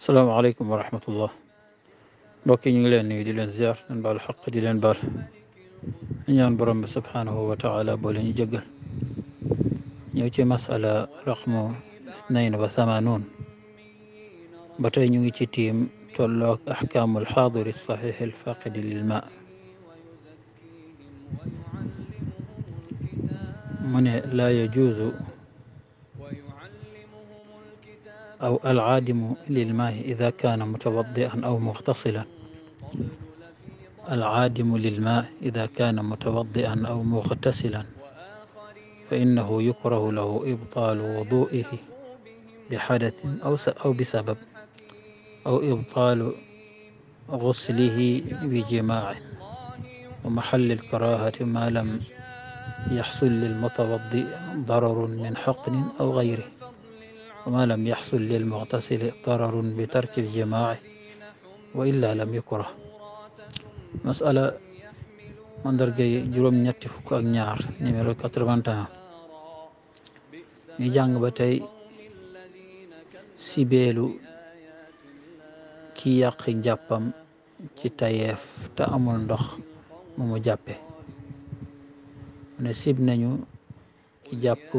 السلام عليكم ورحمة الله بوكين لين ني دي لين زيار نبا الحق دي لين بار نيان برم سبحانه وتعالى بولين جغل نيوتي مسألة رقم 82 باتاي نيغي تي تيم تولوك احكام الحاضر الصحيح الفاقد للماء من لا يجوز أو العادم للماء إذا كان متوضئا أو مغتسلا العادم للماء إذا كان متوضئا أو مغتسلا فإنه يكره له إبطال وضوئه بحدث أو أو بسبب أو إبطال غسله بجماع ومحل الكراهة ما لم يحصل للمتوضئ ضرر من حقن أو غيره وما لم يحصل للمغتسل ضرر بترك الجماع وإلا لم يكره مسألة mandargay juróom ñetti fukk ak ñaar numéro 81 ñu jàng ba tey sibeelu ki yàq jàppam ci tayeef te amul ndox mu mu jàppe mu ne nañu ki jàpp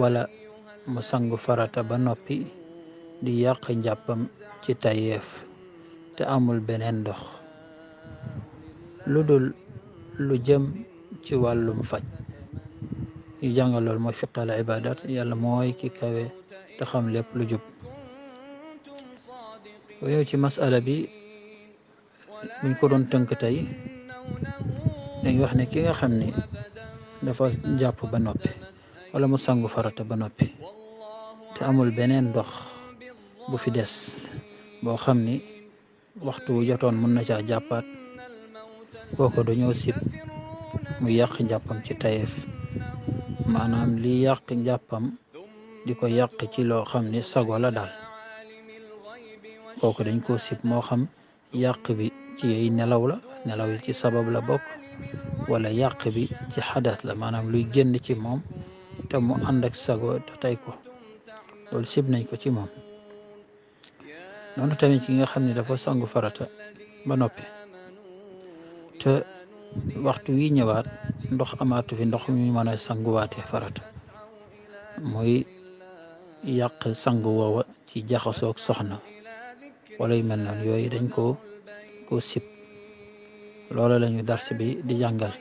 wala mu sangu farata ba noppi di yàq njàppam ci tayeef te amul beneen dox lu dul lu jëm ci wàllum faj yu jàngal loolu mooy fiqal ibadat yàlla mooy ki kawe te xam lépp lu jub bu ñëw ci masala bi buñ ko doon tënk tey dañ wax ne ki nga xam ni dafa jàpp ba noppi wala mu sangu farata ba noppi amul beneen ndox bu fi des boo xam ni waxtu wu jotoon mën na caa jàppaat kooku dañoo sib mu yàq njàppam ci tayeef maanaam li yàq njàppam di ko yàq ci loo xam ni sago la daal kooku dañ ko sib moo xam yàq bi ci yey nelaw la nelaw yi ci sabab la bokk wala yàq bi ci xadas la maanaam luy génn ci moom te mu ànd ak sago te tey ko loolu sib nañ ko ci moom noonu tamit ci nga xam ne dafa sangu farata ba noppi te waxtu wi ñëwaat ndox amaatu fi ndox ñu mën a sanguwaatee farata mooy yàq sangu woowa ci jaxasoog soxna wala yu mel noonu yooyu dañ koo koo sib loola la ñu dars bi di jàngal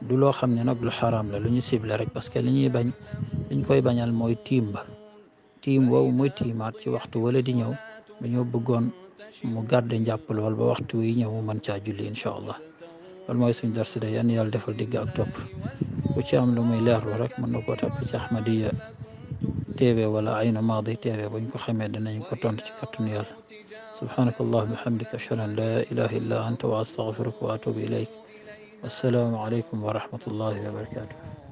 du loo xam ne nag lu xaram la lu ñu sib la rek parce que li bañ liñ koy bañal mooy tiim ba tiim wow muy tiimaat ci waxtu wala di ñëw dañoo bëggoon mu garde njàpp lool ba waxtu wi ñëw mu mën caa julli incha allah loolu mooy suñ darsi day yan yàlla defal digg ak topp bu ci am lu muy leerlu rek mën na koo topp ci Ahmadiya TV wala Aynu Maadi TV buñ ko xamee dinañ ko tont ci kattanu yàlla subhanaka allahuma bihamdika ashhadu an la ilaha illa anta wa astaghfiruka wa atubu ilayk wassalaamu aleykum wa rahmatullahi wa barakatuh